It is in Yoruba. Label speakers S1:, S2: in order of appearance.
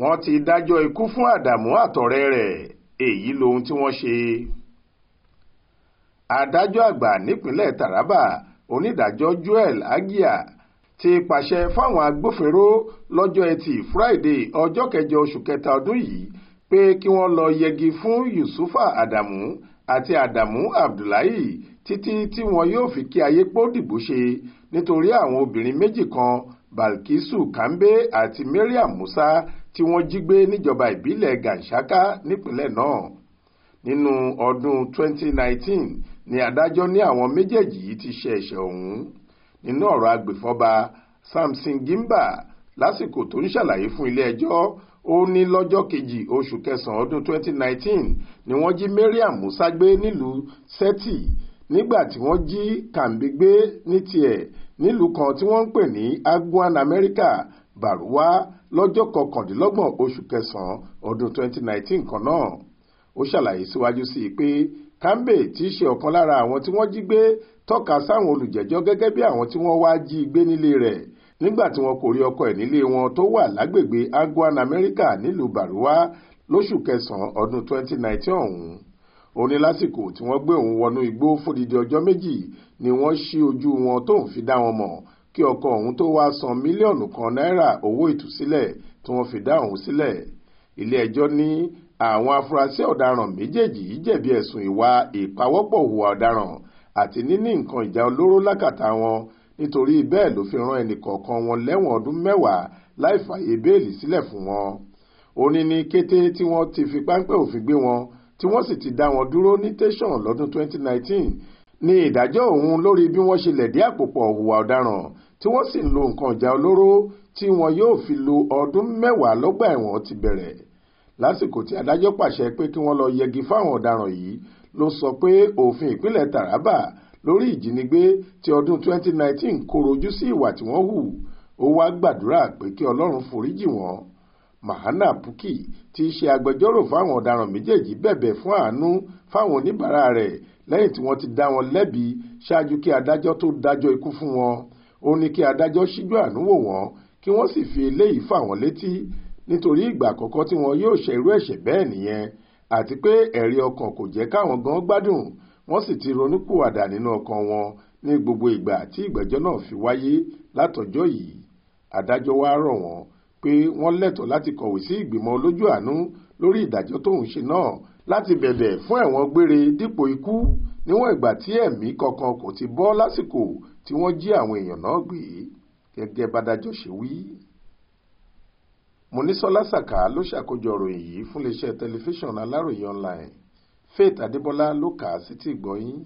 S1: wọ́n ti dájọ́ ikú fún àdàmú àtọ̀rẹ́ rẹ̀ èyí lohun tí wọ́n ṣe. adájọ́ àgbà nípínlẹ̀ taraba onídàájọ́ joel agia ti pàṣẹ fáwọn agbófinró lọ́jọ́ etí friday ọjọ́ kẹjọ oṣù kẹta ọdún yìí pé kí wọ́n lọ yẹgi fún yusufa adamu àti adamu abdullahi títí tí wọn yóò fi kí ayé pọ́ dìbò ṣe nítorí àwọn obìnrin méjì kan balkisu kambe àti mariam musa tí wọ́n jí gbé níjọba ìbílẹ̀ Gàǹṣáká nípínlẹ̀ náà nínú ọdún 2019 ni adájọ́ ní àwọn méjèèjì yìí ti ṣe ẹ̀ṣẹ̀ ọ̀hún nínú ọ̀rọ̀ agbèfọ́ba Samson Gimba lásìkò tó ń ṣàlàyé fún ilé-ẹjọ́ ó ní lọ́jọ́ kejì oṣù kẹsàn-án ọdún 2019 ni wọ́n jí Mariam Musa gbé nílùú Sẹ́tì nígbà tí wọ́n jí Kàǹbí gbé ní tiẹ̀ nílùú kan tí wọ́n ń pè ní Aguan America Baruwa lọ́jọ́ kọkàndínlọ́gbọ̀n oṣù kẹsàn-án ọdún 2019 kan náà ó ṣàlàyé síwájú sí i pé kambe tí í ṣe ọ̀kan lára àwọn tí wọ́n jí gbé tọ́ka sáwọn olùjẹ́jọ́ gẹ́gẹ́ bí àwọn tí wọ́n wá jí gbé nílé rẹ̀ nígbà tí wọn kò rí ọkọ ẹ̀ nílé wọn tó wà lágbègbè Angwan America nílùú Baruwa lóṣù kẹsàn-án ọdún 2019 ọ̀hún ó ní lásìkò tí wọ́n gbé òun wọnú igbó fódìdí ọjọ́ méjì ni wọ́n ṣí ojú wọn tóun fi dá wọn mọ̀ kí ọkọ ọ̀hún tó wáá san mílíọ̀nù kan náírà owó ìtúsílẹ̀ tí wọ́n fi dá òun sílẹ̀ ilé-ẹjọ́ ní àwọn afurasí ọ̀daràn méjèèjì yìí jẹ̀bi ẹ̀sùn ìwà ìpawọ́pọ̀ hùwà ọ̀daràn àti níní nǹkan ìjà olóró lákàtà wọn nítorí bẹ́ẹ̀ ló fi rán ẹnìkọ̀ọ̀kan wọn lẹ́wọ̀n ọdún mẹ́wàá láì fààyè béèlì sílẹ̀ fún wọn ó ní kété tí wọ́n ti fi páńpẹ́ òfin gbé wọn tí wọ́n sì ti dá wọn dúró ní tẹ̀sán lọ́dún 2019 ní ìdájọ́ ọ̀hún lórí bí wọ́n ṣe lẹ̀dí àpòpọ̀ hùwà ọ̀daràn tí wọ́n sì ń lo nǹkan ìjà olóró tí wọn yóò fi lo ọdún mẹ́wàá lọ́gbà ẹ̀wọ̀n ti bẹ̀rẹ̀ lásìkò tí adájọ́ pàṣẹ pé kí wọ́n lọ yẹgi fáwọn ọ̀daràn yìí ló sọ pé òfin ìpínlẹ̀ Taraba lórí ìjínigbé ti ọdún 2019 kò rojú sí ìwà tí wọ́n hù ó wá gbàdúrà pé kí Ọlọ́run foríjì wọn mahana bukky tí í ṣe agbẹjọ́rò fáwọn ọ̀daràn méjèèjì bẹ̀bẹ̀ fún àánú fáwọn oníbàárà rẹ̀ lẹ́yìn tí wọ́n ti dá wọn lẹ́bi ṣáájú kí adájọ́ tó dájọ́ ikú fún wọn ó ní kí adájọ́ ṣíjú àánú wò wọ́n kí wọ́n sì fi eléyìí fà wọ́n létí nítorí ìgbà àkọ́kọ́ tí wọn yóò ṣe irú ẹ̀ṣẹ̀ bẹ́ẹ̀ nìyẹn àti pé ẹ̀rí ọkàn kò jẹ́ káwọn gan gbádùn wọ́n sì ti ronúpìwàdà nínú ọkàn wọn ní gbogbo ìgbà tí ìgbẹ́jọ́ náà fi wáyé látọjọ́ yìí adájọ́ wá rọ̀ wọ́n pé wọ́n lẹ́tọ̀ọ́ láti kọ̀wé sí ìgbìmọ̀ olójú àánú lórí ìdájọ́ tóun ṣe náà láti bẹ̀bẹ̀ fún ẹ̀wọ̀n gbére dípò ikú níwọ̀n ìgbà tí ẹ̀mí kankan kò ti bọ́ lásìkò tí wọ́n jí àwọn èèyàn náà gbé gẹ́gẹ́ bádájọ́ ṣe wí. Mọ́nísọ́lá Sàká ló ṣàkójọ ìròyìn yìí fún iléeṣẹ́ tẹlifíṣàn Aláròye online Faith Adébọlá ló kà á sétí ìgbọ́ yín.